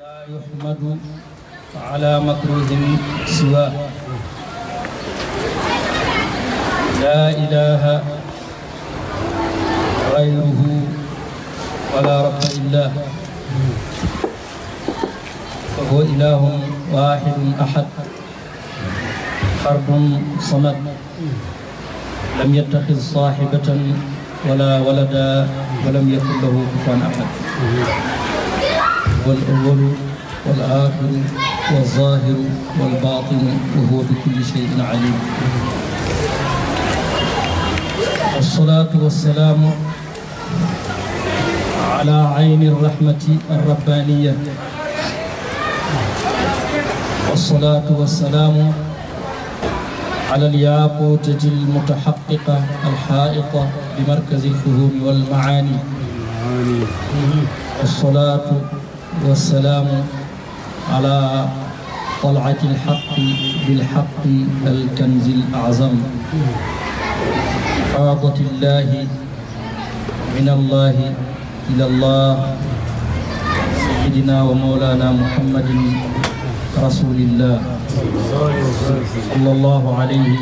لا يحمد على مكروه سواه لا إله غيره ولا رب إلا فهو إله واحد أحد فرد صمد لم يتخذ صاحبة ولا ولدا ولم يكن له كفوا أحد والأول والآخر والظاهر والباطن وهو بكل شيء عليم والصلاة والسلام على عين الرحمة الربانية والصلاة والسلام على الياقوتة المتحققة الحائطة بمركز الفهوم والمعاني والصلاة والسلام على طلعة الحق بالحق الكنز الأعظم إفاضة الله من الله إلى الله سيدنا ومولانا محمد رسول الله صلى الله عليه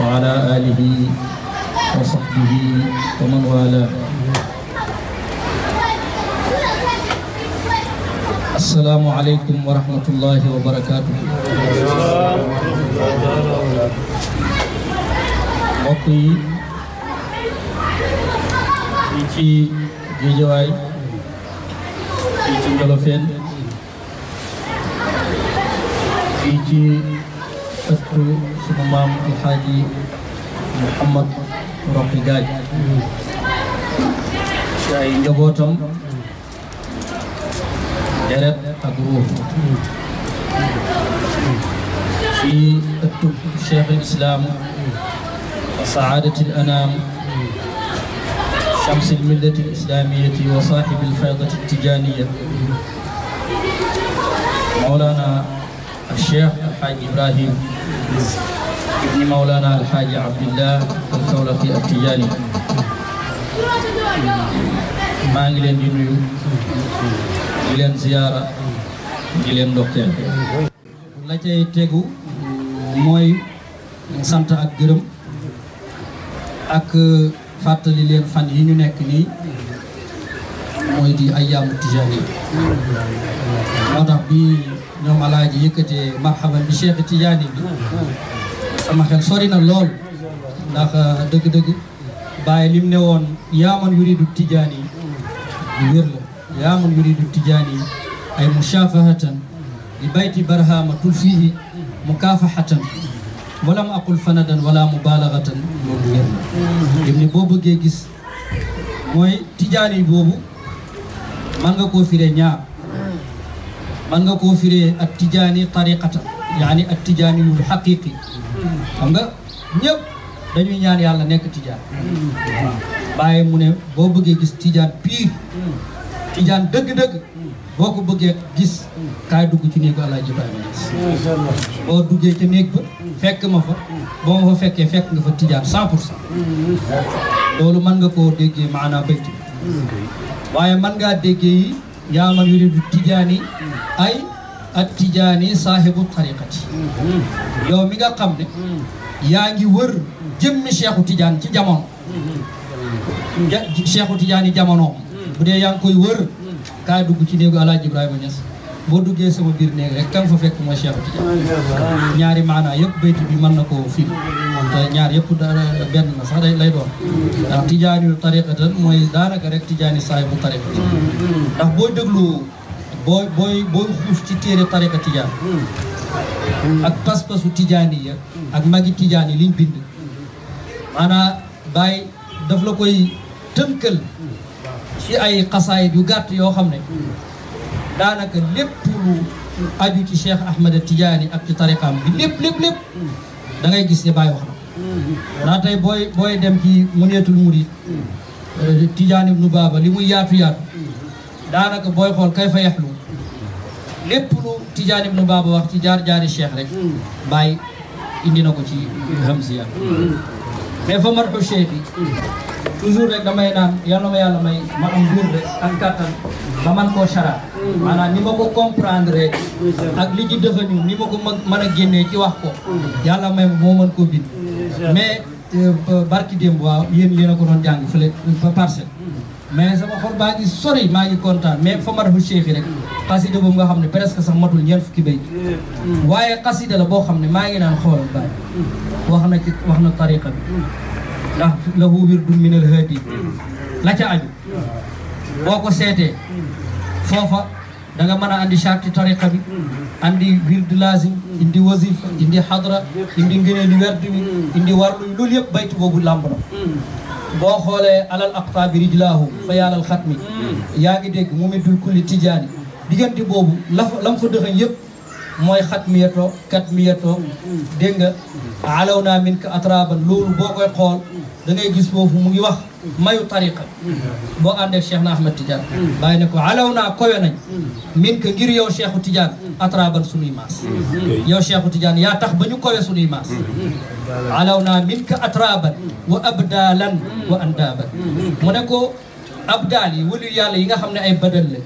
وعلى آله وصحبه ومن والاه Assalamualaikum warahmatullahi wabarakatuh. mbokk yi fii ci Géejawaay fii ci Njolofeen fii haji Muhammad Roqi Gaaj ci ay njabootam عدالة في شيخ الإسلام وسعادة الأنام شمس الملة الإسلامية وصاحب الفيضة التجانية مولانا الشيخ الحاج إبراهيم ابن مولانا الحاج عبد الله الكولقي التجاني maa ngi di leen ziyaara la cay tegu mooy sant ak gërëm ak fàttali leen fan yi ñu nekk nii mooy di ayyaamu tijaani moo tax bi ñoom alaaji yëkkatee marhaban bi Cheikh Tijaani sama xel sori na lool ndax dëgg-dëgg bàyyi lim ne woon yaaman yuridu tijaani yi wér la yaa man yuridu tijaani ay mushafahatan li bayti barhama tul fihi mukafahatan walam aqul fanadan wala mubalagatan loolu wér na boo bëggee gis mooy tijaani boobu man nga koo firee ñaar man nga koo firee at tijaani tariqatan yaani at tijaani yul xaqiqi xam ñëpp dañuy ñaan yàlla nekk tijaan waaye mu ne boo bëggee gis tijaan pire Tijaan dëgg-dëgg boo ko bëggee gis kaay dugg ci néegu Alaaji Ibrahima Niass boo fekk ma fa boo ma fa fekkee fekk nga fa Tijaan cent pour cent loolu mën nga koo déggee maanaam béykat waaye mën ngaa déggee yi yaa man yuridu Tijaani ay ak Tijaani saahibu tariqati yow mi nga xam ne yaa ngi wër jëmmi Cheikhu Tijaan ci jamono. Cheikhu Tijaani jamono. bu dee yaa ngi koy wër kaay dugg ci néegu Alaaji Ibrahima Niass boo duggee sama biir néeg rek kam fa fekk mooy Cheikh Tidiane ñaari maanaa yëpp na koo ñaar yëpp dara benn na sax day lay doon ndax tijaanil tariqatan mooy daanaka rek tijaani saahibu tariqa ndax boo déglu booy booy booy xuus ci téere tariqa tijaan ak pas-pasu tijaani ya ak magi tijaani liñ bind maanaa bàyyi daf la koy tënkal ci ay xasaayit yu gàtt yoo xam ne daanaka lépp lu aju ci Cheikh Ahmed Tidiane ak ci tariqaam bi lépp lépp lépp da ngay gis ne bàyyi wax na daa booy dem ci muneetul murid euh, Tidiane ibnu Baaba li muy yaatu yaatu daanaka booy xool kay fa yaxlu lépp lu Tidiane Baaba wax ci jaar jaari Cheikh rek bàyyi indi na ko ci Hamziya mm-hmm. mais fa marxu Cheikh toujours rek damay naan yal na ma yàlla may ma am nguur rek ak kàttan ba man koo chara maanaam ni ma ko comprendre ak li ci devenu ni ma ko mën a génnee ci wax ko yàlla may ma moo mën koo bind mais euh, euh, barki démb yéen yéen a ko doon jàng fële euh, parcelle mais sama xol baa maa ngi kontaan mais fa ma rafetlu Cheikh rek xasida boobu nga xam ne presque sax matul ñeent fukki béy mm. waaye xasida la boo xam ne maa ngi naan xoolal baay wax na wax na tariqa bi ndax lahu wirdun min alhaadi hmm. la ca aju boo ko seetee foofa da nga mën a andi charti tariqa bi hmm. andi wird lazim hmm. indi wasifa indi xadra indi ngëneelu werd bi indi warlu yi loolu yëpp baytu boobu làmb boo xoolee alal aqtaabi rijlahu fa yaalal xatmi yaa ngi dégg mu middul kulli tijaani diggante boobu la fa lam yëpp mooy xat miyato kat miyato dégg nga alaw naa min ka atraban loolu boo koy xool da ngay gis foofu mu ngi wax mayu tariqa boo àndee Cheikh na Ahmed Tidiane bàyyi na ko alaw koyo nañ min ngir yow Cheikhu Tidiane atraban sunuy maas yow Cheikhu Tidiane yaa tax ba ñu koyo sunuy maas alaw naa min ka atraban wa abdalan wa andaban mu ne ko abdaal yi waliyu yàlla yi nga xam ne ay badal la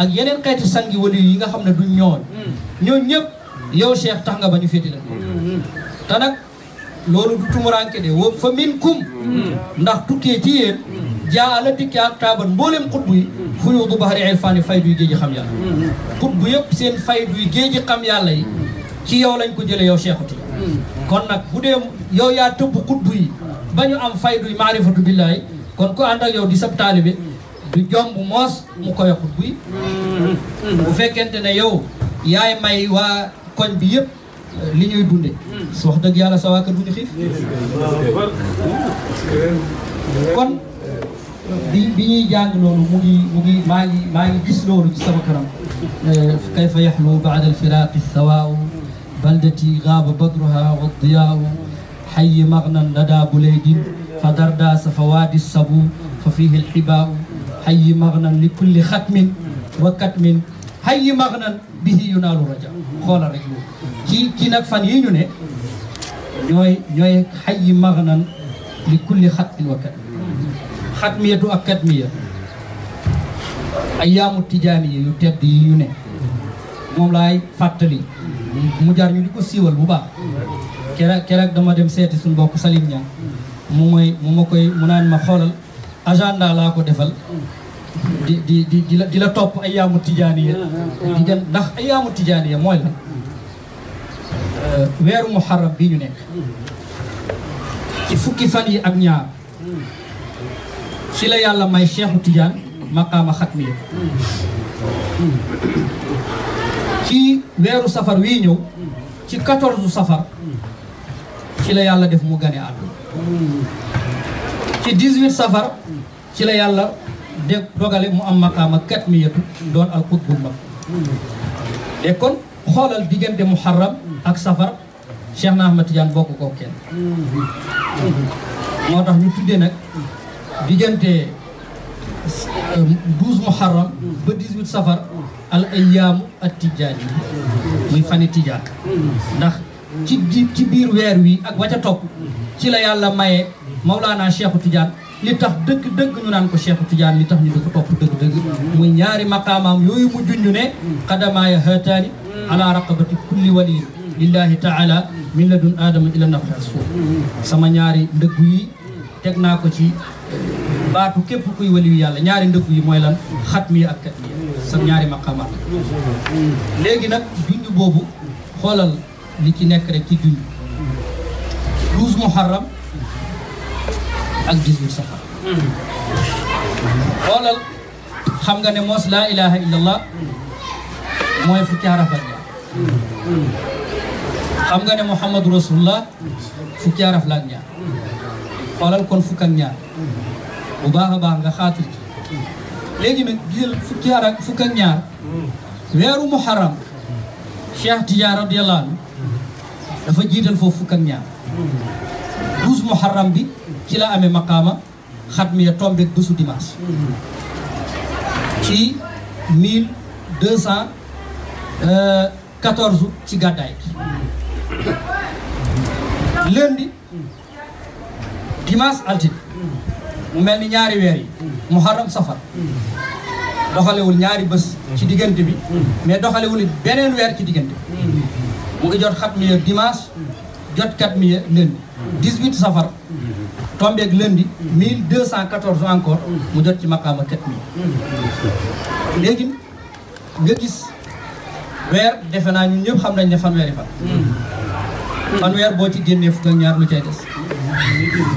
ak yeneen xeeti sangi waliyu yi nga xam ne duñ ñoon ñooñu ñëpp yow Cheikh tax nga ba ñu féeti la te nag loolu du tumuranke de woo fa min kum ndax tukkee ci yéen jaa ala dikki ak taaban mboolem xutbu yi fu ñu du baxari irfaani fayduy géeji xam yàlla xutbu yëpp géeji xam yàlla yi ci yow lañ ko jëlee yow Cheikh kon nag bu dee yow yaa tëbb xutbu yi ba ñu am fayduy maarifatu billaahi kon ku ànd ak yow di sab bi du jomb moos mu koy xutbu yi bu fekkente ne yow yaay may wa koñ bi yëpp li ñuy dunde su wax dëgg yàlla sa waa kër bu ñu xiif kon bi bi ñuy jàng loolu mu ngi mu ngi maa ngi maa ngi gis loolu ci sama kanam kayfa yaxlu baada alfiraqi thawaaw بلدتي غاب بدرها والضياء حي مغنى لدى بليد فدردا سفواد السبو ففيه الحباء حي مغنى لكل ختم وكتم حي مغنى bihi yunaalu raja xoolal rek loolu ci nag fan yi ñu ne ñooy ñooy xaj yi magnan li kulli xatmin wa katmin xatmiya du ayaamu tijaani yu tedd yi ñu ne moom laay fàttali mu jaar ñu di ko siiwal bu baax keroog keroog dama dem seeti suñu mbokk Salim Niang mu mooy mu ma koy mu naan ma xoolal agenda laa ko defal di di di di la topp ay yaamu tijaaniya ah, ah, ah. di ndax ay yaamu tijaaniya mooy lan euh, weeru muharram bi ñu nekk ci fukki fan yi ak ñaar ci la yàlla may Cheikhu Tijaan maqaama xatmiya ci weeru safar wi ñëw ci quatorze safar ci la yàlla def mu gane àdduna ci dix-huit safar ci la yàlla de dogale mu am maqaama kat mi yetu doon al xutbul mag de kon xoolal diggante muharram ak safar Cheikh na Ahmad Tidiane bokk ko kenn moo tax ñu tuddee nag diggante euh, douze muharram ba dix-huit safar al ayyaamu at tijaani muy fani tijaan ndax ci ci biir weer wi ak wa topp ci la yàlla maye Mawlaana Cheikhu Tidiane li tax dëgg-dëgg ñu naan ko Cheikh Tidiane li tax ñu di ko topp dëgg-dëgg muy ñaari maqaamaam yooyu mu junj ne qadamaaya haataani ala raqabati kulli waliyin lillahi taala min ladun aadama ila nafxi suuf sama ñaari ndëggu yi teg naa ko ci baatu képp kuy waliyu yàlla ñaari ndëggu yi mooy lan xat mi ak kat ñaari maqaamaat léegi nag junj boobu xoolal li ci nekk rek ci junj douze muharram ak 18 safar xoolal xam nga ne ilaha illallah mooy fukki arafat la xam nga ne rasulullah fukki araf la ak ñaar xoolal kon fukk ak ñaar bu baax a baax nga xaatir ci léegi nag jël fukki araf fukk ak ñaar weeru muharram cheikh radiallahu anhu dafa jiital foofu fukk ak ñaar douze muharram bi ci la amee maqaama xatmiya tombé bésu dimanche ci mil deux cent euh, quatorze ci gàddaay bi lundi dimanche altine mu mel ni ñaari weer yi muharram safar doxalewul ñaari bés ci diggante bi mais doxalewul beneen weer ci diggante bi mu ngi jot xatmiya dimanche jot xatmiya lundi 18 safar tombeeg lundi 1214 encore mu jot ci maqaama 4000 léegi nga gis weer defe naa ñun ñëpp xam nañ ne fanweeri fan fanweer boo ci génnee fukk ak ñaar lu cay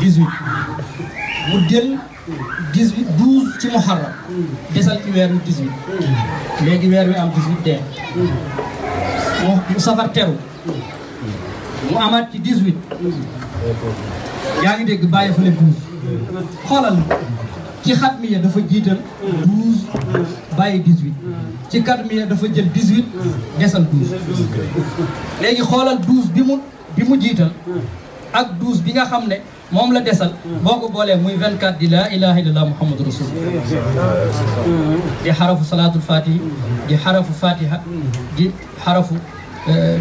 des 18 mu jël 18 12 ci muharram desal ci weer wi 18 léegi weer wi am 18 dee mu safar teru mu amaat ci 18 yaa ngi dégg bàyyi fële douze xoolal ci xat mi ya dafa jiital douze bàyyi dix-huit ci kat mi ya dafa jël dix-huit desal douze léegi xoolal douze bi mu bi mu jiital ak douze bi nga xam ne moom la desal boo ko boolee muy 24 di laa ilaha illallah muhammadu rasulullah di xarafu salaatul fatiha di xarafu fatiha di xarafu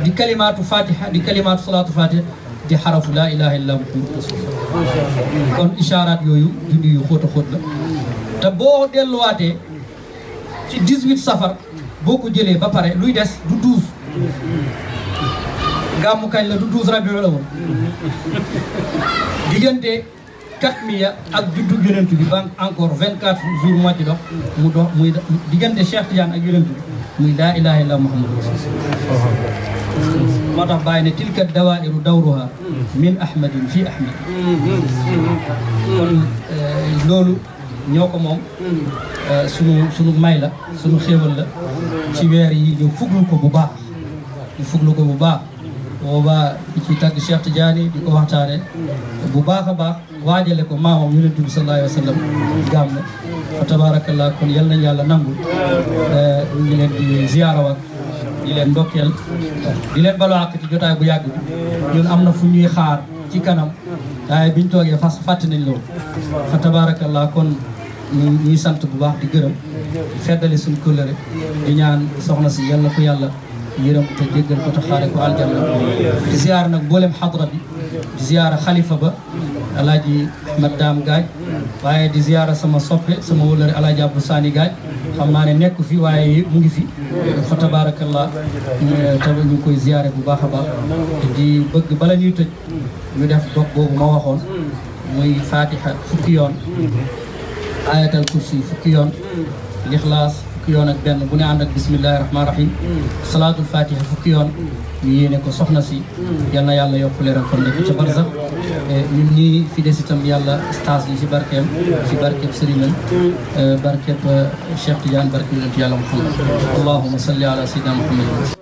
di kalimaatu fatiha di kalimaatu salaatul fatiha di xarafu laa ilaha illa mu kon isharaat yooyu junni yu xóot xóot la te boo delluwaatee ci 18 safar boo ko jëlee ba pare luy des du 12 gàmmu kañ la du 12 rabiul awal diggante katmiya ak juddu yonent bi ba encore vingt jours moo ci dox mu muy diggante Cheikh Tidiane ak yonent bi muy laa ilaha illa muhammadu rasul مطبعين تلك الدوائر دورها من احمد في احمد آه، لولو نيوكم سنو سنو مايلا سنو خيول لا شي وير يي نيو فوغلوكو بو با فوغلوكو بو با او با كي تاك شيخ تجاني ديكو واختاني بو با با واجالكو ما هو يونس صلى الله عليه وسلم جام تبارك الله كون يالنا يالا نانغو ا ني زياره di leen ndokkeel di leen baloo àq ci jotaay bu yàgg bi ñun am na fu ñuy xaar ci kanam waaye biñ toogee fas fàtte nañ loolu fa tabaarakallaa kon ñu ñuy sant bu baax di gërëm feddali suñ kóllëre di ñaan soxna si yàlla ko yàlla yërëm te jéggal ko te xaare ko aljanna di ziyaar nag mboolem xadra bi di ziyaara xalifa ba alaaji madame gaaj waaye di ziyaara sama soppe sama wóllëre alaaji abdou saani gaaj xam naa ne nekk fii waaye mu ngi fi fa tabaarakallah eh, tam ñu koy ziyaare bu baax a baax di bëgg bala ñuy tëj ñu def dog boobu ma waxoon muy fatiha fukki yoon ayatal kursi fukki yoon lixlaas فكيون اك بن بني بسم الله الرحمن الرحيم صلاه الفاتحه فكيون ييني كو سي يالنا يالا يوك ليرام فون نيك تي برزا في دي سيتام يالا استاذ لي سي باركيم سي باركيم شيخ تيان باركيم يالا محمد اللهم صل على سيدنا محمد